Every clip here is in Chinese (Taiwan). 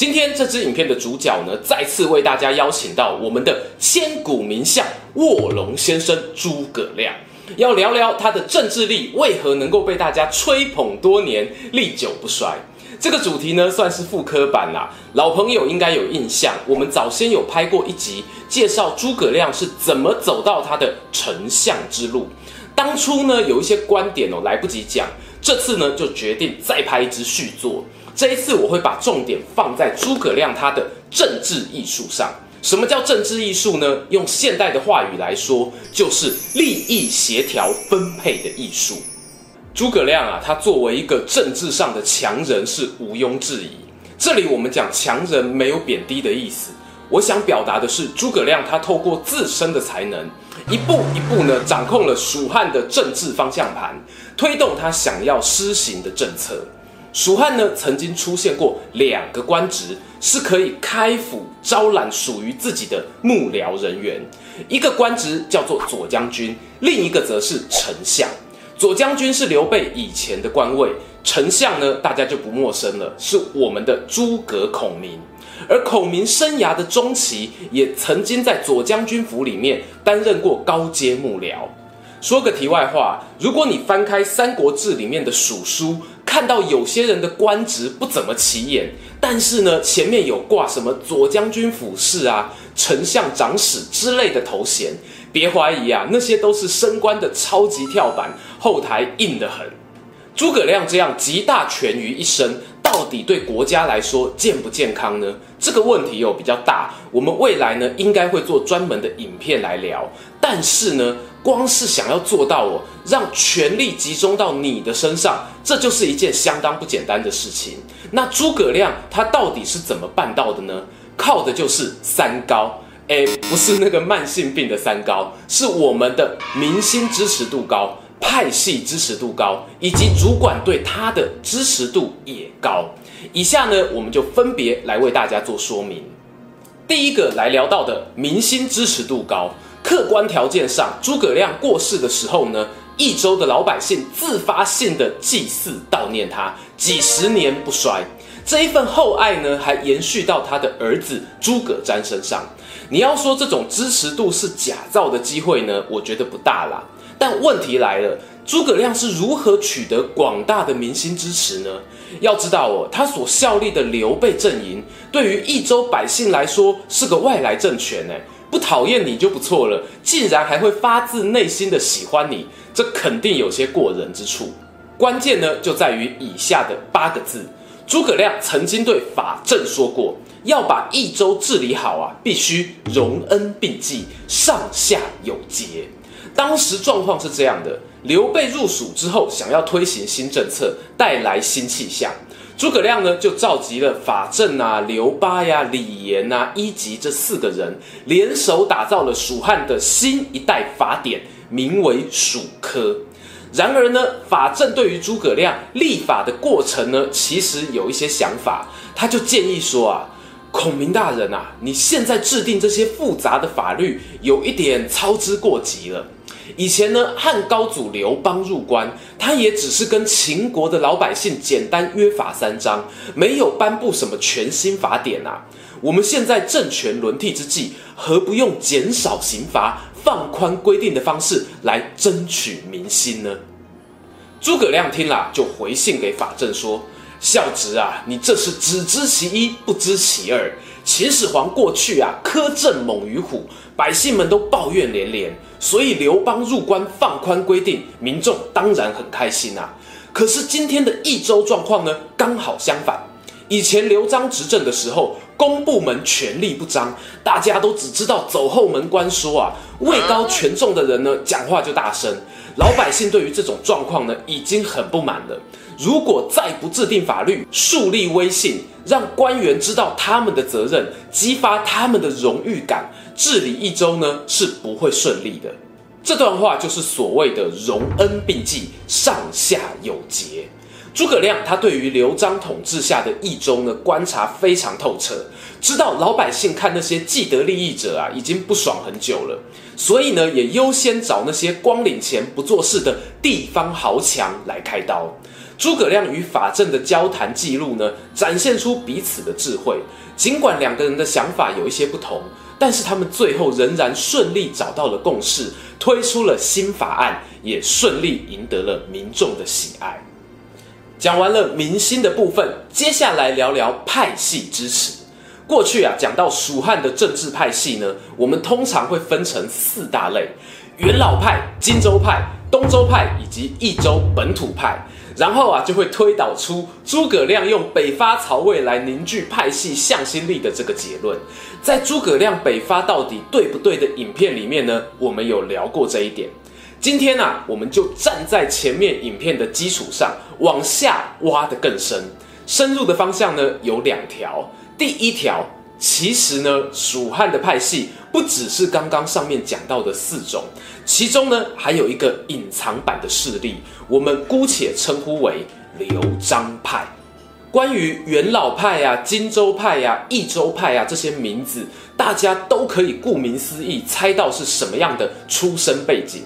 今天這支影片的主角呢，再次為大家邀請到我們的千古名相臥龍先生諸葛亮，要聊聊他的政治力為何能夠被大家吹捧多年，歷久不衰。這個主題呢，算是復刻版啦，老朋友應該有印象，我們早先有拍過一集介紹諸葛亮是怎麼走到他的丞相之路。當初呢，有一些觀點哦來不及講，這次呢就決定再拍一支續作。這一次我會把重點放在諸葛亮他的政治藝術上。什麼叫政治藝術呢？用現代的話語來說，就是利益協調分配的藝術。諸葛亮啊，他作為一個政治上的強人是毋庸置疑。這裡我們講強人沒有貶低的意思。我想表達的是，諸葛亮他透過自身的才能，一步一步呢，掌控了蜀漢的政治方向盤，推動他想要施行的政策。蜀漢呢，曾經出現過兩個官職是可以開府招攬屬於自己的幕僚人員，一個官職叫做左將軍，另一個則是丞相。左將軍是劉備以前的官位，丞相呢大家就不陌生了，是我們的諸葛孔明。而孔明生涯的中期也曾經在左將軍府裡面擔任過高階幕僚。說個題外話，如果你翻開《三國志》裡面的蜀書。看到有些人的官職不怎麼起眼，但是呢，前面有掛什麼左將軍府事啊、丞相長史之類的頭銜，別懷疑啊，那些都是升官的超級跳板，後台硬得很。諸葛亮這樣集大權於一身。到底對國家來說健不健康呢？這個問題又、哦、比較大，我們未來呢應該會做專門的影片來聊。但是呢，光是想要做到哦，讓權力集中到你的身上，這就是一件相當不簡單的事情。那諸葛亮他到底是怎麼辦到的呢？靠的就是三高，哎、欸，不是那個慢性病的三高，是我們的民心支持度高。派系支持度高，以及主管對他的支持度也高。以下呢，我們就分別來為大家做說明。第一個來聊到的，民心支持度高。客觀條件上，諸葛亮過世的時候呢，益州的老百姓自發性的祭祀悼念他，幾十年不衰。這一份厚愛呢，還延續到他的兒子諸葛瞻身上。你要說這種支持度是假造的機會呢，我覺得不大啦。但問題來了，諸葛亮是如何取得廣大的民心支持呢？要知道哦，他所效力的劉備陣營，對於益州百姓來說是個外來政權誒，不討厭你就不錯了，竟然還會發自內心的喜歡你，這肯定有些過人之處。關鍵呢，就在於以下的八個字。諸葛亮曾經對法正說過，要把益州治理好啊，必須榮恩並濟，上下有節。當時狀況是這樣的：劉備入蜀之後，想要推行新政策，帶來新氣象。諸葛亮呢，就召集了法正啊、劉巴呀、啊、李嚴啊、伊籍這四個人，聯手打造了蜀漢的新一代法典，名為《蜀科》。然而呢，法正對於諸葛亮立法的過程呢，其實有一些想法，他就建議說啊：“孔明大人啊，你現在制定這些複雜的法律，有一點操之過急了。”以前呢，漢高祖劉邦入關，他也只是跟秦國的老百姓簡單約法三章，沒有頒布什麼全新法典啊。我們現在政權輪替之際，何不用減少刑罰、放寬規定的方式來爭取民心呢？諸葛亮聽了，就回信給法正說。孝直啊，你這是只知其一，不知其二。秦始皇過去啊，苛政猛於虎，百姓們都抱怨連連。所以劉邦入關放寬規定，民眾當然很開心啊。可是今天的益州狀況呢，剛好相反。以前劉璋執政的時候，公部門權力不彰，大家都只知道走後門。關說啊，位高權重的人呢，講話就大聲。老百姓對於這種狀況呢，已經很不滿了。如果再不制定法律，樹立威信，讓官員知道他們的責任，激發他們的榮譽感，治理益州呢，是不會順利的。這段話就是所謂的“榮恩並濟，上下有節”。諸葛亮他對於劉璋統治下的益州呢，觀察非常透徹，知道老百姓看那些既得利益者啊，已經不爽很久了，所以呢也優先找那些光領錢不做事的地方豪強來開刀。諸葛亮與法正的交談記錄呢，展現出彼此的智慧，儘管兩個人的想法有一些不同，但是他們最後仍然順利找到了共識，推出了新法案，也順利贏得了民眾的喜愛。講完了民心的部分，接下來聊聊派系支持。過去啊，講到蜀漢的政治派系呢，我們通常會分成四大類：元老派、荊州派、東州派以及益州本土派。然後啊，就會推導出諸葛亮用北伐曹魏來凝聚派系向心力的這個結論。在《諸葛亮北伐到底對不對》的影片裡面呢，我們有聊過這一點。今天呢、啊，我們就站在前面影片的基礎上，往下挖得更深，深入的方向呢有兩條。第一條，其實呢，蜀漢的派系不只是剛剛上面講到的四種，其中呢還有一個隱藏版的勢力，我們姑且稱呼為劉璋派。關於元老派啊，荊州派啊，益州派啊，這些名字，大家都可以顧名思義猜到是什麼樣的出身背景。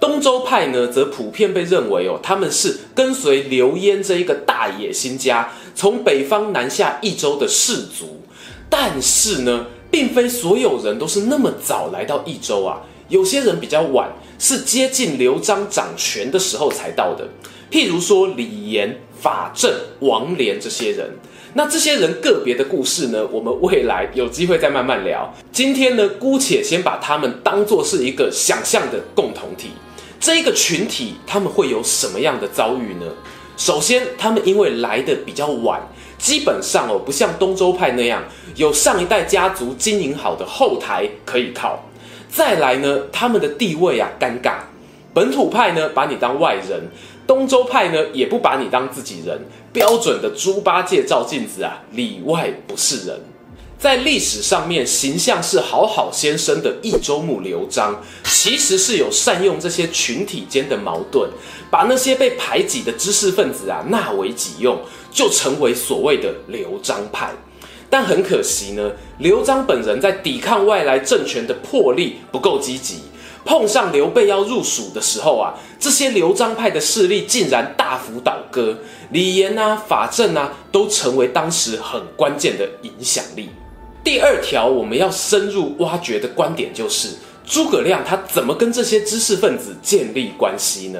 東州派呢，則普遍被認為哦，他們是跟隨劉焉這一個大野心家，從北方南下益州的士族。但是呢，並非所有人都是那麼早來到益州啊，有些人比較晚，是接近劉璋掌權的時候才到的。譬如說李嚴、法正、王連這些人，那這些人個別的故事呢，我們未來有機會再慢慢聊。今天呢，姑且先把他們當作是一個想象的共同體。這一個群體，他們會有什麼樣的遭遇呢？首先，他們因為來的比較晚，基本上哦，不像東周派那樣有上一代家族經營好的後台可以靠。再來呢，他們的地位啊尷尬，本土派呢，把你當外人，東周派呢，也不把你當自己人，標準的豬八戒照鏡子啊，裡外不是人。在歷史上面，形象是好好先生的益州牧劉璋，其實是有善用這些群體間的矛盾，把那些被排擠的知識分子啊納為己用，就成為所謂的劉璋派。但很可惜呢，劉璋本人在抵抗外來政權的魄力不夠積極，碰上劉備要入蜀的時候啊，這些劉璋派的勢力竟然大幅倒戈，李嚴啊、法正啊都成為當時很關鍵的影響力。第二條，我們要深入挖掘的觀點就是，諸葛亮他怎麼跟這些知識分子建立關係呢？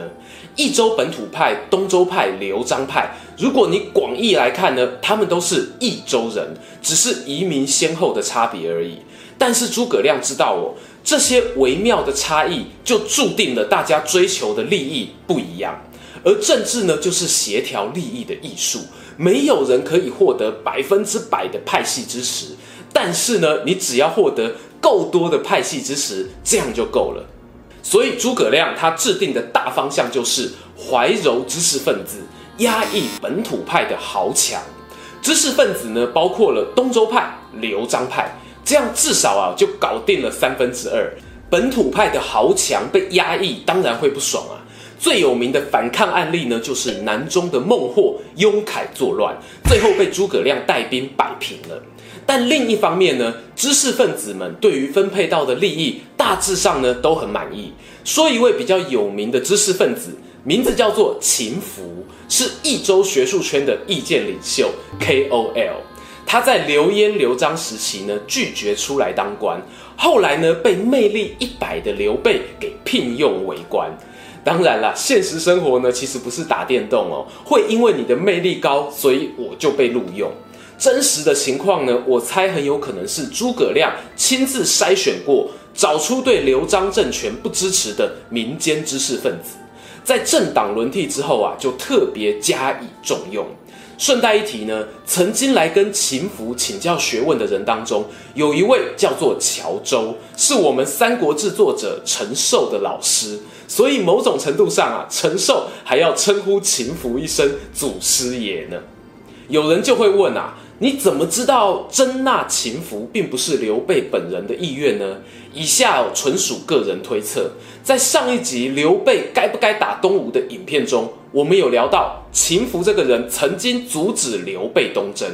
益州本土派、東州派、劉璋派，如果你廣義來看呢，他們都是益州人，只是移民先後的差別而已。但是諸葛亮知道哦，這些微妙的差異就注定了大家追求的利益不一樣，而政治呢，就是協調利益的藝術，沒有人可以獲得百分之百的派系支持。但是呢，你只要獲得夠多的派系支持，這樣就夠了。所以諸葛亮他制定的大方向就是懷柔知識分子，壓抑本土派的豪強。知識分子呢，包括了東州派、劉璋派，這樣至少啊就搞定了三分之二。本土派的豪強被壓抑，當然會不爽啊。最有名的反抗案例呢，就是南中的孟獲、雍闓作亂，最後被諸葛亮帶兵擺平了。但另一方面呢，知識分子們對於分配到的利益，大致上呢都很滿意。說一位比較有名的知識分子，名字叫做秦宓，是益州學術圈的意見領袖 K O L。他在劉焉、劉璋時期呢，拒絕出來當官，後來呢被魅力一百的劉備給聘用為官。當然啦，現實生活呢其實不是打電動哦，會因為你的魅力高，所以我就被錄用。真實的情況呢？我猜很有可能是諸葛亮親自篩選過，找出對劉璋政權不支持的民間知識分子，在政黨輪替之後啊，就特別加以重用。順帶一提呢，曾經來跟秦宓請教學問的人當中，有一位叫做譙周，是我們《三國志》作者陳壽的老師，所以某種程度上啊，陳壽還要稱呼秦宓一聲祖師爺呢。有人就會問啊。你怎麼知道徵納秦宓並不是劉備本人的意願呢？以下、哦、純屬個人推測。在上一集劉備該不該打東吳的影片中，我們有聊到秦宓這個人曾經阻止劉備東征，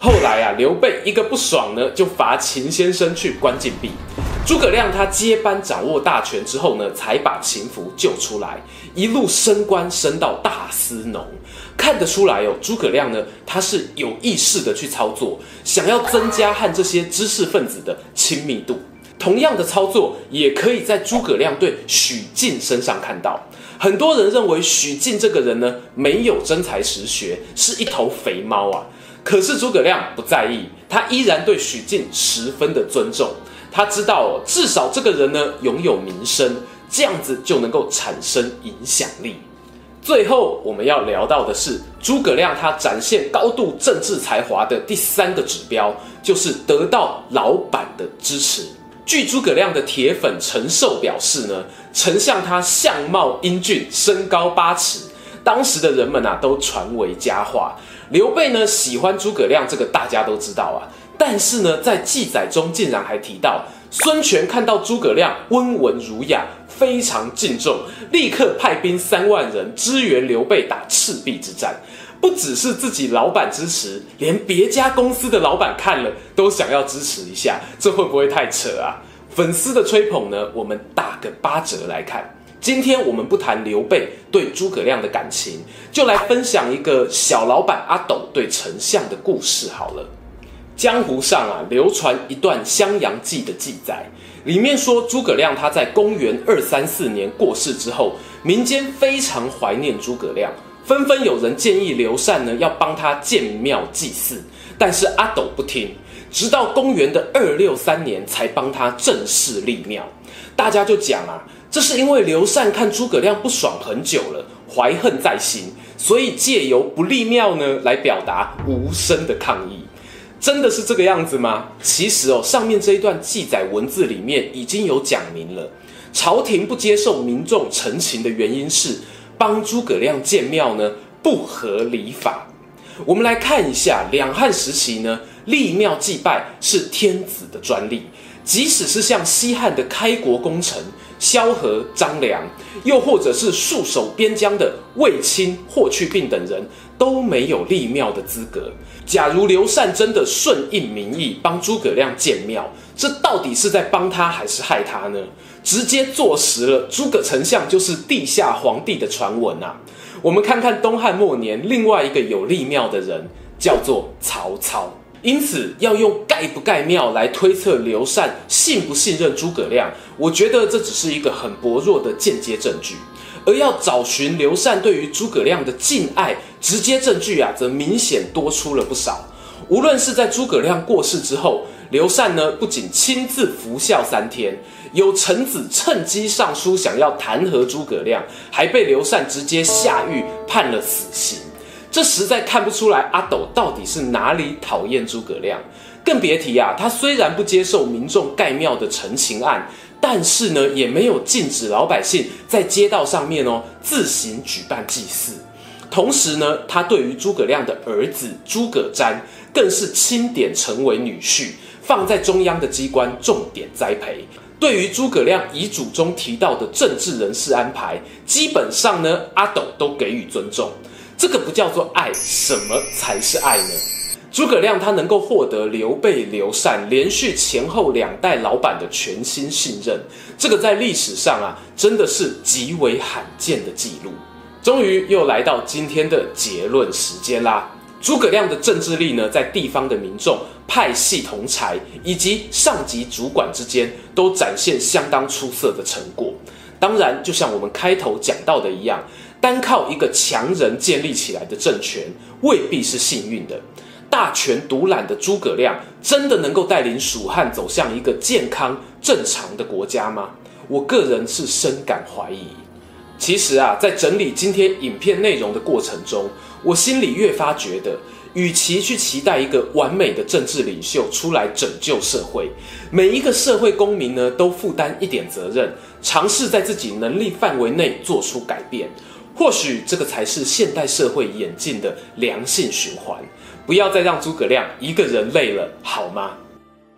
後來啊，劉備一個不爽呢，就罰秦先生去關禁閉。諸葛亮他接班掌握大權之後呢，才把秦宓救出來，一路升官升到大司農。看得出來哦，諸葛亮呢，他是有意識地去操作，想要增加和這些知識分子的親密度。同樣的操作也可以在諸葛亮對許靖身上看到。很多人認為許靖這個人呢，沒有真才實學，是一頭肥貓啊。可是諸葛亮不在意，他依然對許靖十分的尊重。他知道，至少這個人呢，擁有名聲，這樣子就能夠產生影響力。最後我們要聊到的是諸葛亮他展現高度政治才華的第三個指標，就是得到老板的支持。據諸葛亮的鐵粉陳壽表示呢，丞相他相貌英俊，身高八尺，當時的人們啊都傳為佳話。劉備呢，喜歡諸葛亮這個大家都知道啊。但是呢，在記載中竟然還提到，孫權看到諸葛亮溫文儒雅，非常敬重，立刻派兵三萬人支援劉備打赤壁之戰。不只是自己老板支持，連別家公司的老板看了都想要支持一下，這會不會太扯啊？粉絲的吹捧呢，我們打個八折來看。今天我們不談劉備對諸葛亮的感情，就來分享一個小老板阿斗對丞相的故事好了。江湖上啊，流傳一段《襄陽記》的記載，裡面說諸葛亮他在公元二三四年過世之後，民間非常懷念諸葛亮，紛紛有人建議劉禪呢要幫他建廟祭祀，但是阿斗不聽，直到公元的二六三年才幫他正式立廟。大家就講啊，這是因為劉禪看諸葛亮不爽很久了，懷恨在心，所以借由不立廟呢來表達無聲的抗議。真的是這個樣子嗎？其實哦，上面這一段記載文字裡面已經有講明了，朝廷不接受民眾陳情的原因是幫諸葛亮建廟呢不合禮法。我們來看一下兩漢時期呢，立廟祭拜是天子的專利。即使是像西漢的開國功臣蕭何、張良，又或者是戍守邊疆的衛青、霍去病等人，都沒有立廟的資格。假如劉禪真的順應民意幫諸葛亮建廟，這到底是在幫他還是害他呢？直接坐實了諸葛丞相就是地下皇帝的傳聞啊！我們看看東漢末年另外一個有立廟的人，叫做曹操。因此，要用蓋不蓋廟來推測劉禪信不信任諸葛亮，我覺得這只是一個很薄弱的間接證據。而要找尋劉禪對於諸葛亮的敬愛直接證據啊，則明顯多出了不少。無論是在諸葛亮過世之後，劉禪呢，不僅親自服孝三天，有臣子趁機上書想要彈劾諸葛亮，還被劉禪直接下獄判了死刑。這實在看不出來阿斗到底是哪裡討厭諸葛亮，更別提啊，他雖然不接受民眾蓋廟的陳情案，但是呢，也沒有禁止老百姓在街道上面哦自行舉辦祭祀。同時呢，他對於諸葛亮的兒子諸葛瞻，更是欽點成為女婿，放在中央的機關重點栽培。對於諸葛亮遺囑中提到的政治人事安排，基本上呢，阿斗都給予尊重。這個不叫做愛，什麼才是愛呢？諸葛亮他能夠獲得劉備、劉禪連續前後兩代老板的全心信任，這個在歷史上啊，真的是極為罕見的記錄。終於又來到今天的結論時間啦！諸葛亮的政治力呢，在地方的民眾、派系同儕以及上級主管之間，都展現相當出色的成果。當然，就像我們開頭講到的一樣。單靠一個強人建立起來的政權，未必是幸運的。大權獨攬的諸葛亮，真的能夠帶領蜀漢走向一個健康、正常的國家嗎？我個人是深感懷疑。其實啊，在整理今天影片內容的過程中，我心裡越發覺得，與其去期待一個完美的政治領袖出來拯救社會，每一個社會公民呢，都負擔一點責任，嘗試在自己能力範圍內做出改變。或許這個才是現代社會演進的良性循環，不要再讓諸葛亮一個人累了，好嗎？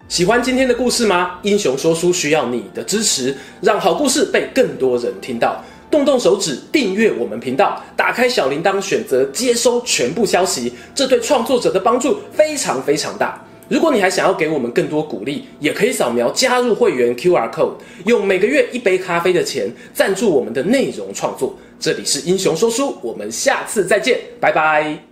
喜歡今天的故事嗎？英雄說書需要你的支持，讓好故事被更多人聽到。動動手指訂閱我們頻道，打開小鈴鐺，選擇接收全部消息，這對創作者的幫助非常非常大。如果你還想要給我們更多鼓勵，也可以掃描加入會員 QR Code，用每個月一杯咖啡的錢贊助我們的內容創作。這裡是英雄說書，我們下次再見，拜拜。